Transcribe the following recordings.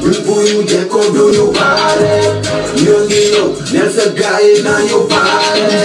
ñu buñu jekko duñu baare ñu ngi ñëw neel sa gaay nañu baare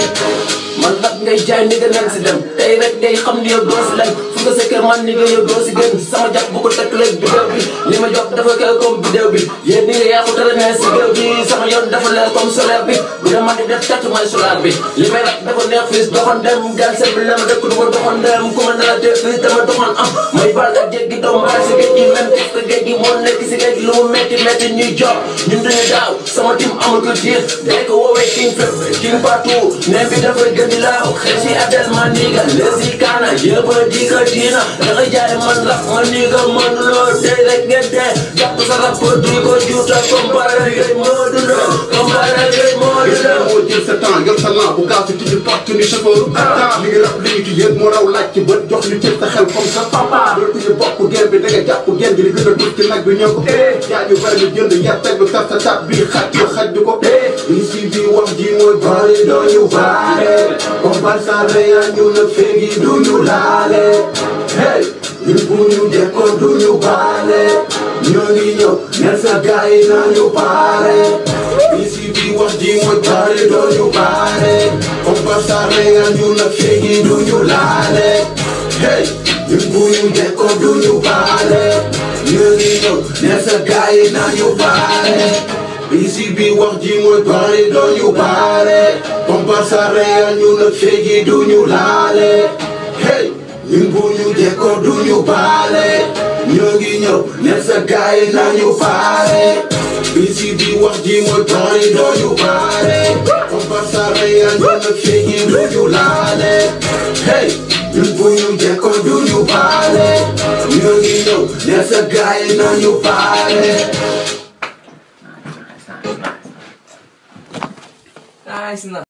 man nag ngay jaay ni nga naan si dem tey rek ngay xam ni yow doo si lay fu nga sekkee man ni nga yow doo si gën sama jàpp bu ko takk léeg bidéew bi li ma jox dafa kër comme bidéew bi yéen ni nga yàqu dara nee si géew bi sama yoon dafa leer comme solaire bi bu dee man di def tàtt mooy solaire bi li may rek dafa neex fii doxoon dem gan seen bi la ma dëkk du ma doxoon dem ku ma nala tee fii dama doxoon am may baal ak géej gi doom mara si géej gi même teg ko géej gi moo nekk si géej lu mu métti métti ñuy jox ñun duñu daaw sama tim amul ko diir day ko woowee king fépp king partout même bi dafa gën di laaw xel si adel ma niga lesi kaana yëpp diga diina danga jaay man la ma niga man loo day rek ngeen dee jàpp sa rap duy ko juuta comparé ngay moo du loo comparé ngay moo yow boo jël sa temps yor sa lan bu gaaw si tijji porte ni chauffeur temps li nga rab li ñu ci yéen moo raw laaj ci bët jox li cër sa xel comme sa papa loolu ñu bokk geen bi da nga jàpp geen bi li gën a dul ci nag bi ñëw ko yaa ñu bari ñu jënd yar teg bi sa tat bi xaj bi xaj bi ko ñu si bi wax ji mooy bari doo ñu vaale comme Barça Real ñu ne féegi du ñu laale hey ñun bu ñu dekkoon du ñu baale ñoo ngi ñëw ñel sa gars yi nañu baale ñu si bi wax ji mooy fegi duñu baare on pasar lenga ñun la fegi laale hey ñun bu ñu dekko duñu baale ñu ngi toog ne sa gaay nañu baare isi bi wax ji mooy bari dooñu baare pompa sarea ñu nag feegi duñu laale hey ñun bu ñu dekko duñu baale ñoo ngi ñëw ne sa gaay nañu baare bi wax ji mooy bari dooñu Girl, do you it? Hey, you you jack or do you You know, you know, there's a guy in on your body. Nice, nice, nice. Nice, nice.